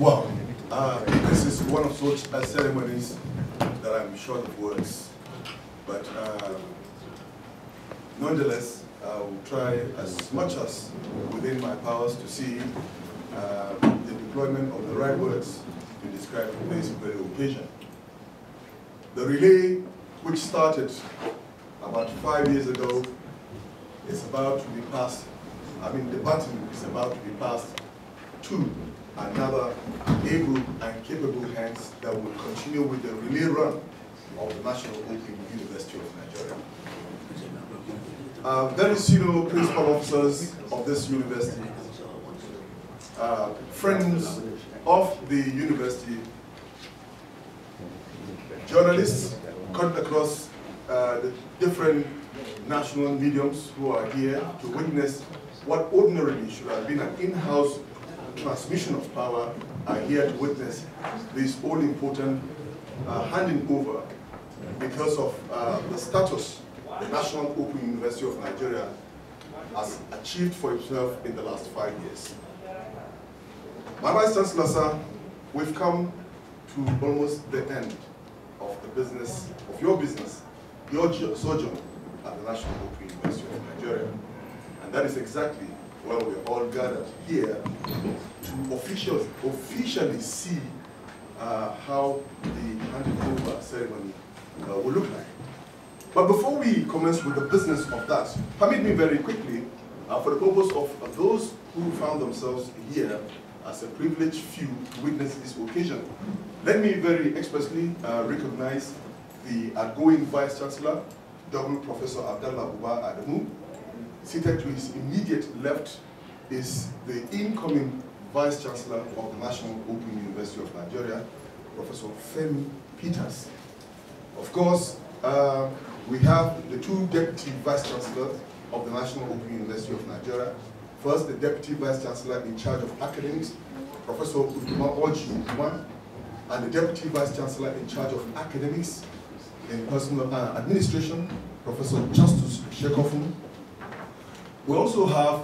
Well, uh, this is one of such uh, ceremonies that I'm short of words. But um, nonetheless, I will try as much as within my powers to see uh, the deployment of the right words to describe this very occasion. The relay, which started about five years ago, is about to be passed. I mean, the baton is about to be passed to another able and capable hands that will continue with the relay run of the National Open University of Nigeria. Uh, very senior principal officers of this university, uh, friends of the university, journalists cut across uh, the different national mediums who are here to witness what ordinarily should have been an in-house transmission of power are here to witness this all-important uh, handing over because of uh, the status the National Open University of Nigeria has achieved for itself in the last five years. My Vice Chancellor, sir, we've come to almost the end of the business, of your business, your sojourn at the National Open University of Nigeria. And that is exactly well, we're all gathered here to officials, officially see uh, how the handover ceremony uh, will look like. But before we commence with the business of that, permit me very quickly, uh, for the purpose of those who found themselves here as a privileged few to witness this occasion, let me very expressly uh, recognize the outgoing Vice Chancellor, Dr. Professor Abdallah Uba Adamu, seated to his immediate left is the incoming Vice Chancellor of the National Open University of Nigeria, Professor Femi Peters. Of course, uh, we have the two Deputy Vice Chancellors of the National Open University of Nigeria. First, the Deputy Vice Chancellor in charge of academics, Professor Uduma Oji Uduma, and the Deputy Vice Chancellor in charge of academics and personal uh, administration, Professor Justus Shekofun, we also have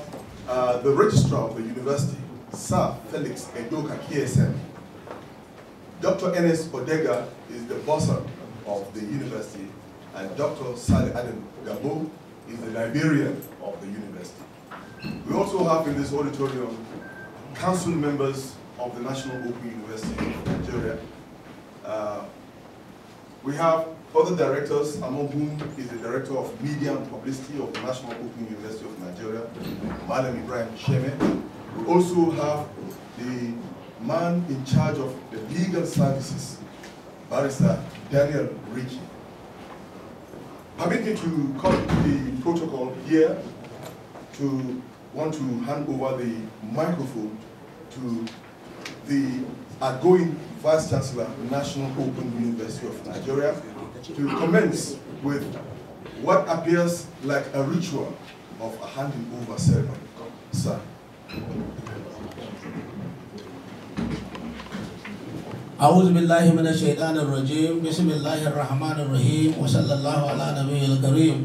uh, the registrar of the university, Sir Felix Edoka KSM. Dr. Ernest Odega is the bossa of the university, and Dr. Sally Adam Gabo is the librarian of the university. We also have in this auditorium council members of the National Open University of Nigeria. Uh, we have other directors, among whom is the Director of Media and Publicity of the National Open University of Nigeria, Malam Ibrahim Sheme. We also have the man in charge of the legal services, Barrister Daniel Ritchie. Permit me to come to the protocol here to want to hand over the microphone to the outgoing Vice Chancellor, National Open University of Nigeria, to commence with what appears like a ritual of a handing over ceremony. Sir. أعوذ بالله من الشيطان الرجيم بسم الله الرحمن الرحيم وصلى الله على نبي الكريم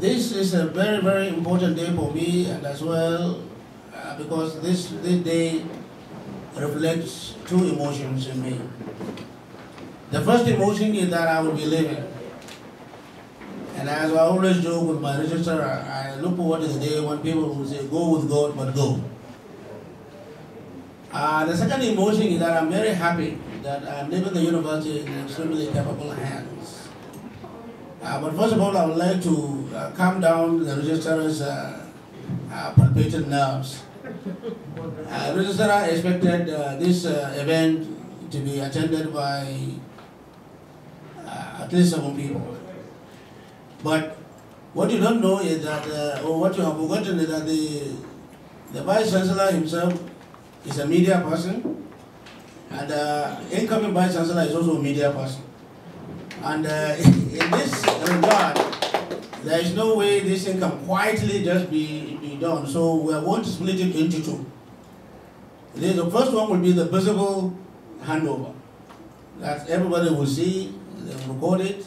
This is a very very important day for me and as well uh, because this, this day reflects two emotions in me. The first emotion is that I will be leaving. And as I always do with my register, I, look at what is there when people will say, go with God, but go. Uh, the second emotion is that I'm very happy that I'm leaving the university in extremely capable hands. Uh, but first of all, I would like to uh, calm down the registrar's uh, uh, nerves. Uh, registrar expected uh, this uh, event to be attended by at least some people. But what you don't know is that, uh, or what you have forgotten is that the, the Vice Chancellor himself is a media person, and uh, incoming Vice Chancellor is also a media person. And uh, in this regard, there is no way this thing can quietly just be, be done. So we are going to split it into two. The first one will be the visible handover that everybody will see they will record it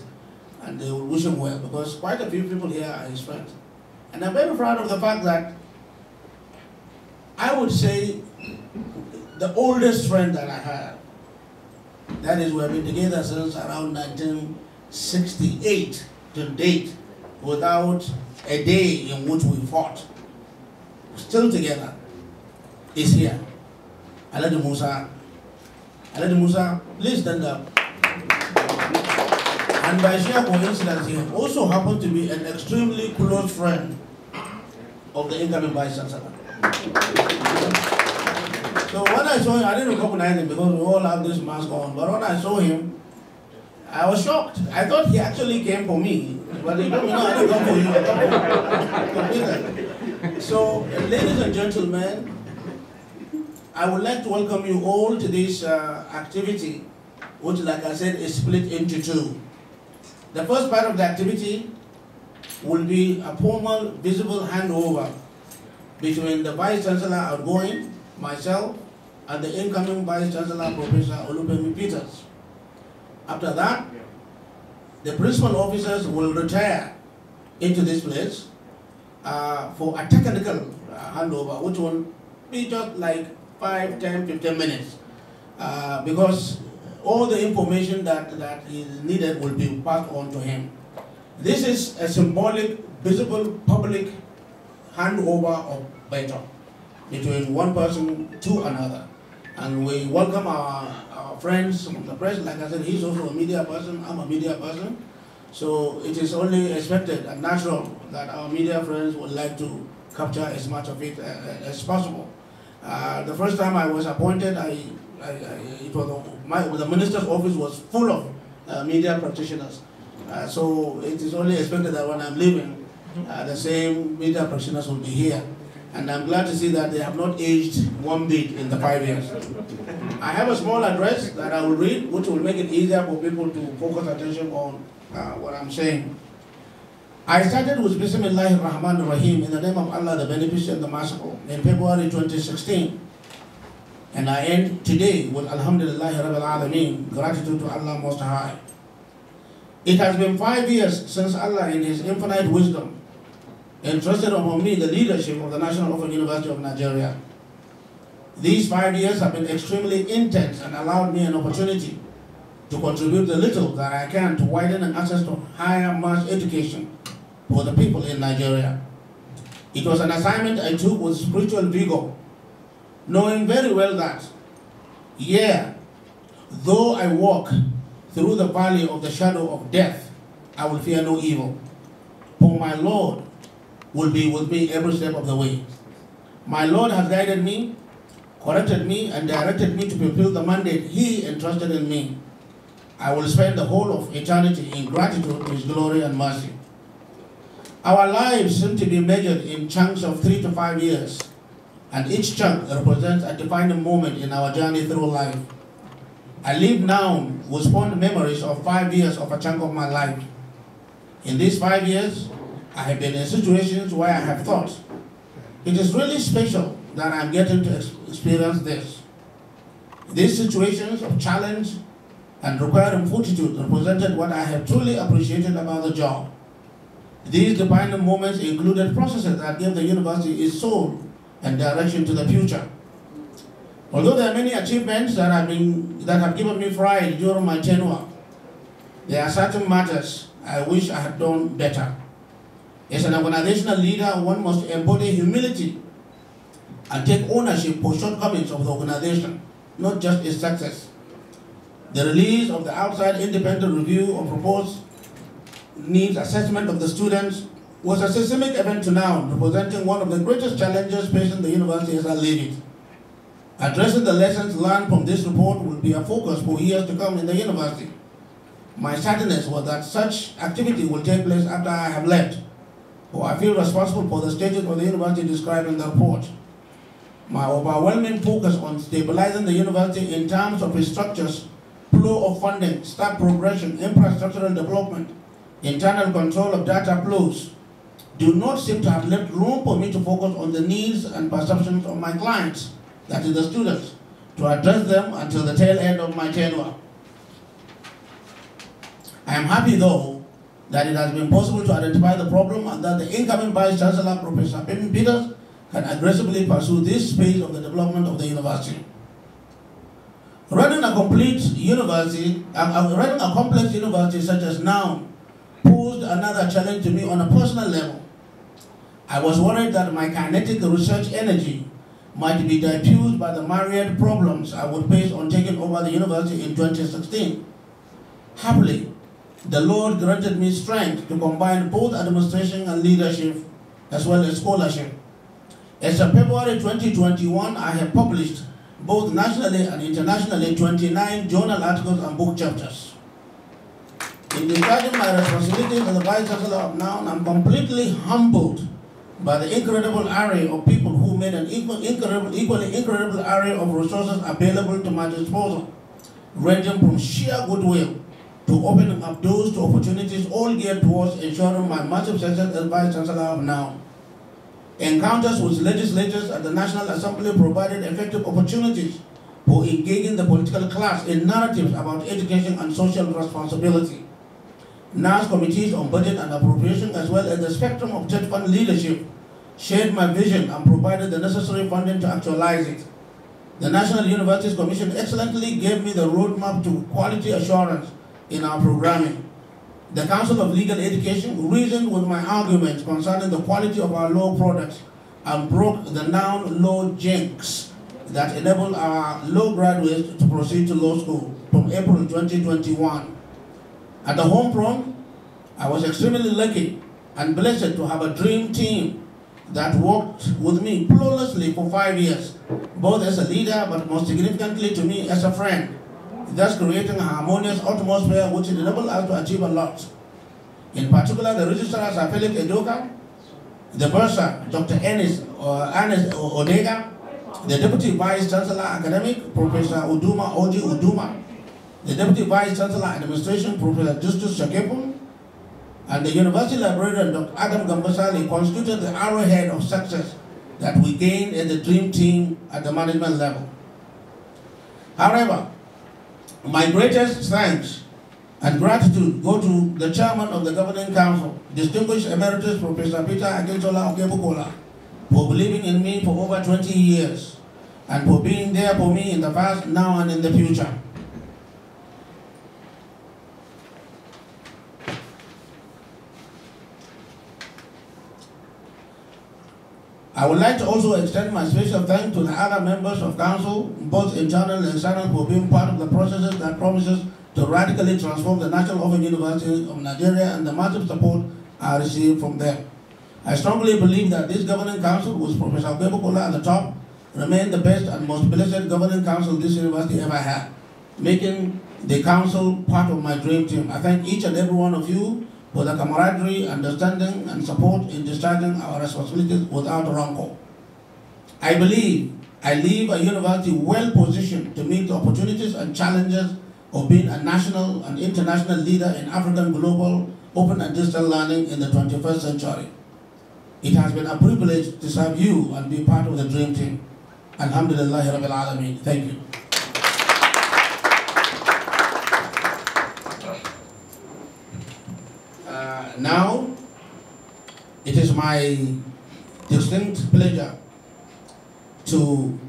and they will wish him well because quite a few people here are his friends. And I'm very proud of the fact that I would say the oldest friend that I had, that is, we have been together since around 1968 to date without a day in which we fought. Still together is here. Alhaji Musa. Alhaji Musa, please stand up. And by sheer coincidence, he also happened to be an extremely close friend of the incoming Vice Chancellor. So when I saw him, I didn't recognize him because we all have this mask on. But when I saw him, I was shocked. I thought he actually came for me. But he told me, no, I didn't come for you. So, ladies and gentlemen, I would like to welcome you all to this uh, activity, which, like I said, is split into two. The first part of the activity will be a formal, visible handover between the Vice Chancellor outgoing, myself, and the incoming Vice Chancellor, Professor Olubemi Peters. After that, the principal officers will retire into this place uh, for a technical uh, handover, which will be just like 5, 10, 15 minutes. Uh, because all the information that, that is needed will be passed on to him. This is a symbolic, visible, public handover of baton between one person to another. And we welcome our, our friends from the press. Like I said, he's also a media person, I'm a media person. So it is only expected and natural that our media friends would like to capture as much of it uh, uh, as possible. Uh, the first time I was appointed, I, I, I it was my, the minister's office was full of uh, media practitioners. Uh, so it is only expected that when I'm leaving, uh, the same media practitioners will be here. And I'm glad to see that they have not aged one bit in the five years. I have a small address that I will read, which will make it easier for people to focus attention on uh, what I'm saying. I started with Bismillah rahman rahim in the name of Allah, the Beneficent, the Merciful, in February 2016. And I end today with Alhamdulillah Rabbil Alameen, gratitude to Allah Most High. It has been five years since Allah, in His infinite wisdom, entrusted upon me the leadership of the National Open University of Nigeria. These five years have been extremely intense and allowed me an opportunity to contribute the little that I can to widen an access to higher mass education for the people in Nigeria. It was an assignment I took with spiritual vigor knowing very well that, yeah, though I walk through the valley of the shadow of death, I will fear no evil. For my Lord will be with me every step of the way. My Lord has guided me, corrected me, and directed me to fulfill the mandate He entrusted in me. I will spend the whole of eternity in gratitude to His glory and mercy. Our lives seem to be measured in chunks of three to five years and each chunk represents a defining moment in our journey through life. I live now with fond memories of five years of a chunk of my life. In these five years, I have been in situations where I have thought, it is really special that I'm getting to experience this. These situations of challenge and requiring fortitude represented what I have truly appreciated about the job. These defining moments included processes that gave the university its soul and direction to the future. Although there are many achievements that have, been, that have given me pride during my tenure, there are certain matters I wish I had done better. As an organizational leader, one must embody humility and take ownership for shortcomings of the organization, not just its success. The release of the outside independent review of proposed needs assessment of the students was a seismic event to now, representing one of the greatest challenges facing the university as I leave it. Addressing the lessons learned from this report will be a focus for years to come in the university. My sadness was that such activity will take place after I have left, for I feel responsible for the status of the university described in the report. My overwhelming focus on stabilizing the university in terms of its structures, flow of funding, staff progression, infrastructural development, internal control of data flows, do not seem to have left room for me to focus on the needs and perceptions of my clients, that is the students, to address them until the tail end of my tenure. I am happy though that it has been possible to identify the problem and that the incoming Vice Chancellor, Professor Pim Peters, can aggressively pursue this phase of the development of the university. Running a complete university, uh, running a complex university such as now posed another challenge to me on a personal level. I was worried that my kinetic research energy might be diffused by the myriad problems I would face on taking over the university in 2016. Happily, the Lord granted me strength to combine both administration and leadership, as well as scholarship. As of February 2021, I have published both nationally and internationally 29 journal articles and book chapters. In discharging my responsibilities as the Vice Chancellor of Noun, I'm completely humbled by the incredible array of people who made an equal, incredible, equally incredible array of resources available to my disposal, ranging from sheer goodwill to opening up doors to opportunities all geared towards ensuring my massive obsessed as Vice Chancellor of now. Encounters with legislators at the National Assembly provided effective opportunities for engaging the political class in narratives about education and social responsibility. NAS committees on budget and appropriation as well as the spectrum of church fund leadership shared my vision and provided the necessary funding to actualize it. The National Universities Commission excellently gave me the roadmap to quality assurance in our programming. The Council of Legal Education reasoned with my arguments concerning the quality of our law products and broke the noun law jinx that enabled our law graduates to proceed to law school from April 2021. At the home front, I was extremely lucky and blessed to have a dream team that worked with me flawlessly for five years, both as a leader but most significantly to me as a friend, thus creating a harmonious atmosphere which enabled us to achieve a lot. In particular, the registrars are Philip Edoka, the bursar, Dr. Ennis, uh, Odega, the Deputy Vice Chancellor Academic, Professor Uduma Oji Uduma, the Deputy Vice Chancellor Administration, Professor Justus Shakepum, and the University Librarian, Dr. Adam Gambasali, constituted the arrowhead of success that we gained in the dream team at the management level. However, my greatest thanks and gratitude go to the chairman of the governing council, distinguished emeritus Professor Peter Akintola Okebukola, for believing in me for over 20 years and for being there for me in the past, now and in the future. I would like to also extend my special thanks to the other members of council, both internal and external, for being part of the processes that promises to radically transform the National Open University of Nigeria and the massive support I received from them. I strongly believe that this governing council, with Professor Bebokola at the top, remain the best and most blessed governing council this university ever had, making the council part of my dream team. I thank each and every one of you for the camaraderie, understanding, and support in discharging our responsibilities without rancor. I believe I leave a university well positioned to meet the opportunities and challenges of being a national and international leader in African global open and digital learning in the 21st century. It has been a privilege to serve you and be part of the dream team. Alhamdulillah Rabbil Alameen. Thank you. now, it is my distinct pleasure to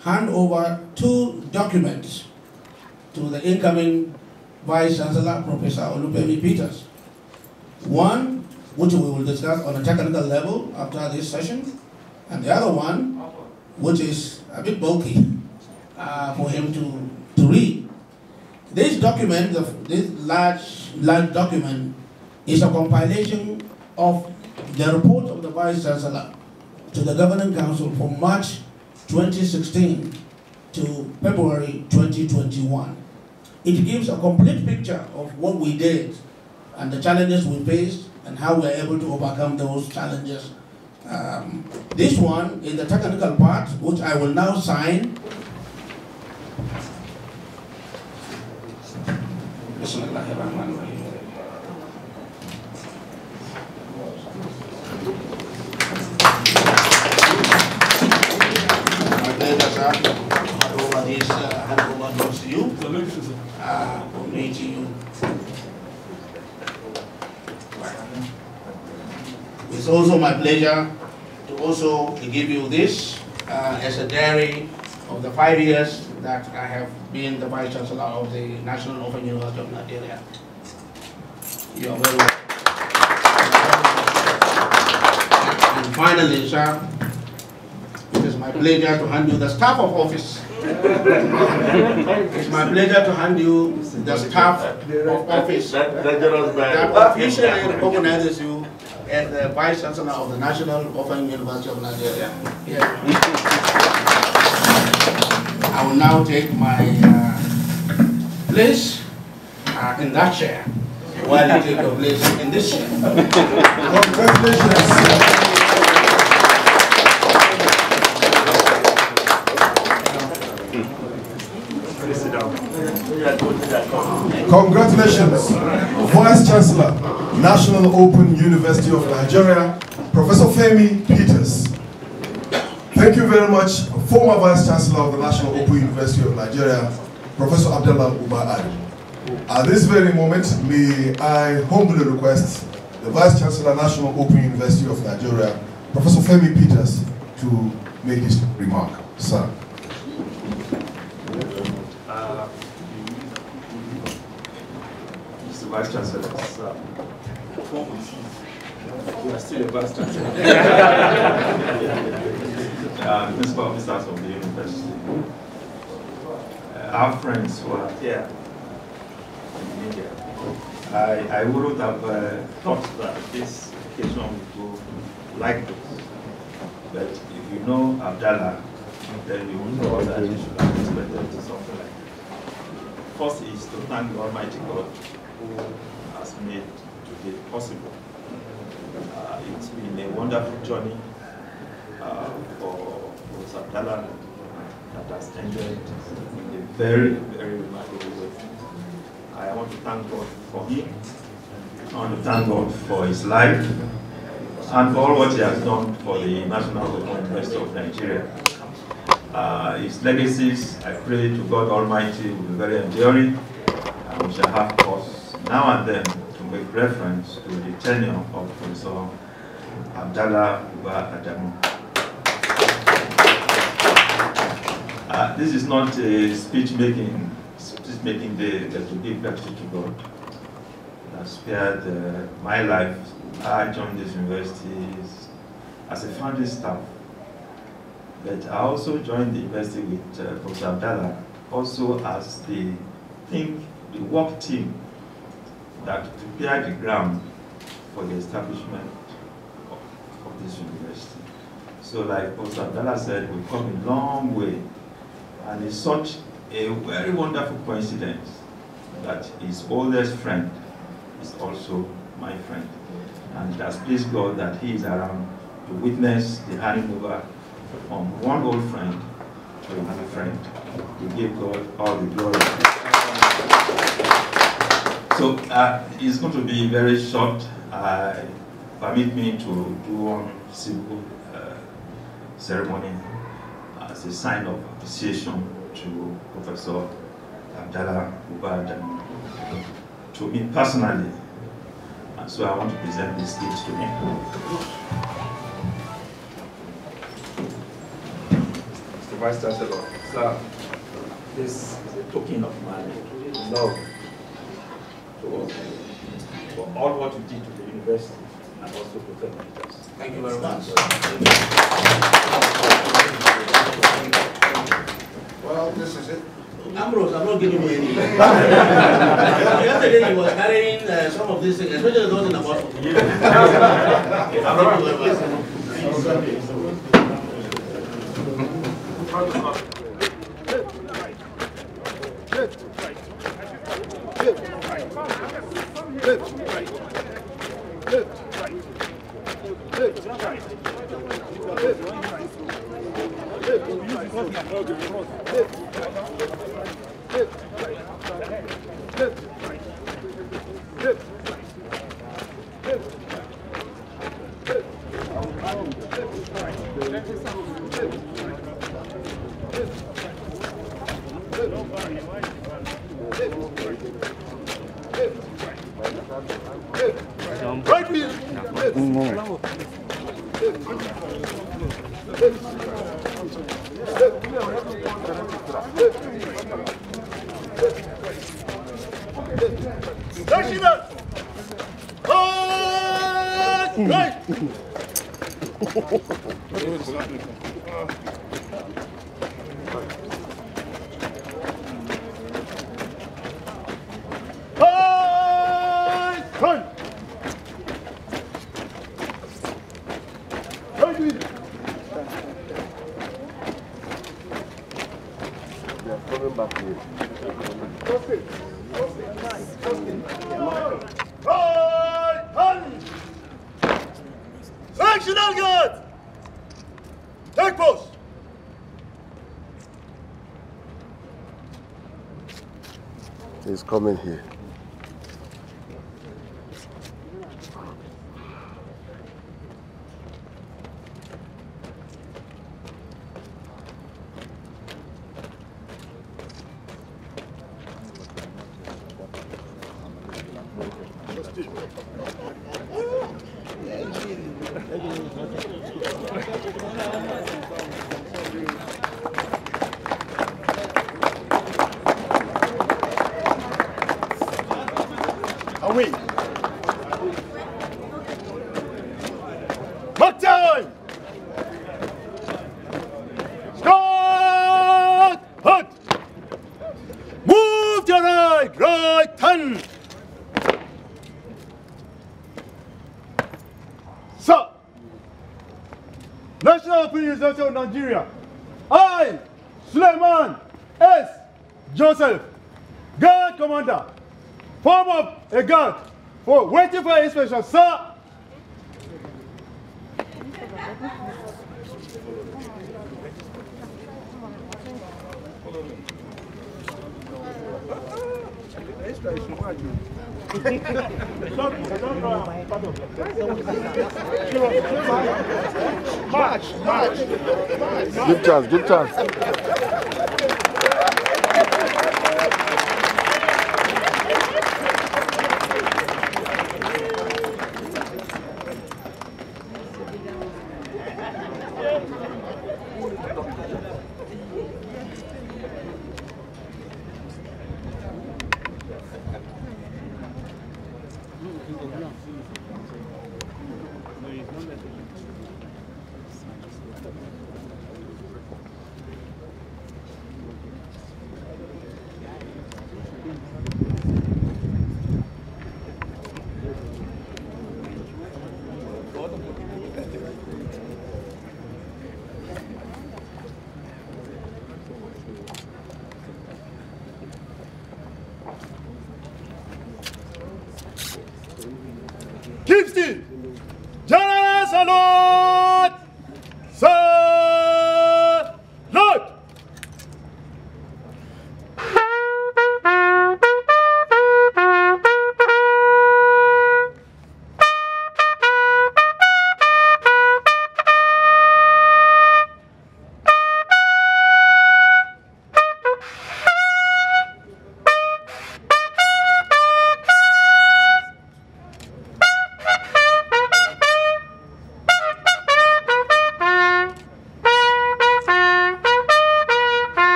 hand over two documents to the incoming Vice Chancellor, Professor Olupemi Peters. One, which we will discuss on a technical level after this session, and the other one, which is a bit bulky uh, for him to, to read. This document, this large, large document, is a compilation of the report of the Vice Chancellor to the Governing Council from March 2016 to February 2021. It gives a complete picture of what we did and the challenges we faced and how we were able to overcome those challenges. Um, this one is the technical part, which I will now sign. Bismillahirrahmanirrahim. I this, uh, you. Uh, you. It's also my pleasure to also give you this uh, as a diary of the five years that I have been the Vice Chancellor of the National Open University of Nigeria. You are very welcome. And finally, sir, my pleasure to hand you the staff of office. it's my pleasure to hand you the staff of office that officially recognizes you as the Vice Chancellor of the National Open University of Nigeria. Yeah. I will now take my uh, place uh, in that chair while you take your place in this chair. Congratulations. Congratulations, Vice Chancellor, National Open University of Nigeria, Professor Femi Peters. Thank you very much, former Vice Chancellor of the National Open University of Nigeria, Professor Abdullah Uba At this very moment, may I humbly request the Vice Chancellor, National Open University of Nigeria, Professor Femi Peters, to make his remark. Sir. vice Chancellor, uh, You are still a vice chancellor. uh, principal of the university. Uh, our friends who are here in India. I, I would have uh, thought that this occasion would go like this. But if you know Abdallah, then you will know that you should have expected something like this. First is to thank Almighty God who has made today possible. Uh, it's been a wonderful journey uh, for Rose Abdallah that has ended in a very, very remarkable way. I want to thank God for him. I want to thank God for his life and for all what he has done for the national conquest of Nigeria. Uh, his legacies, I pray to God Almighty, will be very enduring and we shall have cause now and then to make reference to the tenure of Professor Abdallah Uba Adamu. Uh, this is not a speech making speech making day that to give back to God. That spared uh, my life. I joined this university as a founding staff, but I also joined the university with uh, Professor Abdallah, also as the think the work team that prepared the ground for the establishment of, of this university. So like Osadala Abdallah said, we've come a long way. And it's such a very wonderful coincidence that his oldest friend is also my friend. And it has pleased God that he is around to witness the handing over from one old friend to another friend. We give God all the glory. So uh, it's going to be very short. Uh, permit me to do one simple uh, ceremony as a sign of appreciation to Professor Abdallah Ubad to me personally. And uh, so I want to present this gift to him. Vice Chancellor, sir, this is a token of my love work for all what you did to the university and also to the mentors. Thank you very much. Well, this is it. Ambrose, I'm not giving you any. Yesterday he was carrying uh, some of these things, especially those in the bottle. Yeah. Thank you very Right! is coming here. So, National Police Opinion of Nigeria, I, Suleiman S. Joseph, Guard Commander, form up a guard for waiting for inspection, sir. good chance, good chance.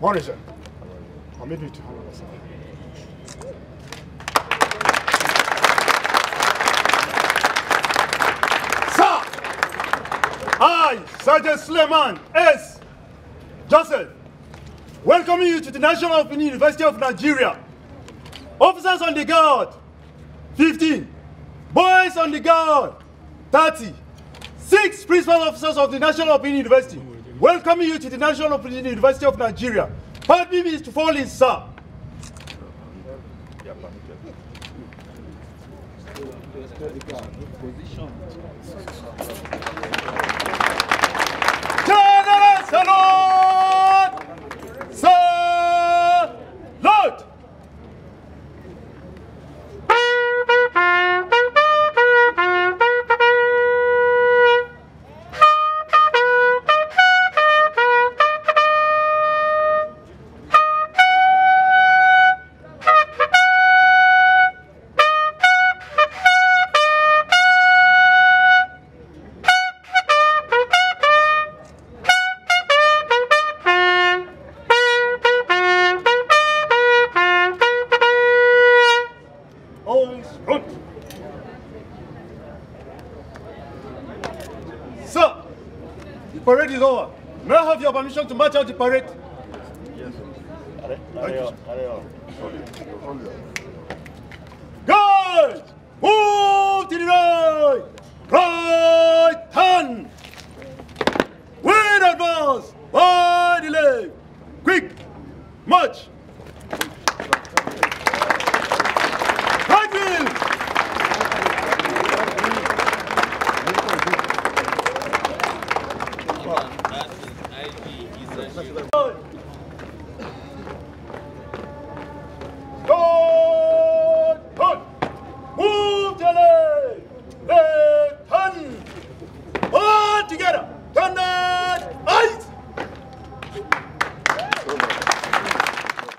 Morning, sir. i am meet sir. I, Sergeant Suleiman S. Joseph, welcoming you to the National Open University of Nigeria. Officers on the guard, 15. Boys on the guard, 30. Six principal officers of the National Open University, welcoming you to the National Open University of Nigeria. Pardon me, Mr. Fallin, sir. Position. parade is over. May I have your permission to march out the parade? Yes. Are, are, Guys, move to the right. Right hand. Win advance by the left. Quick, march.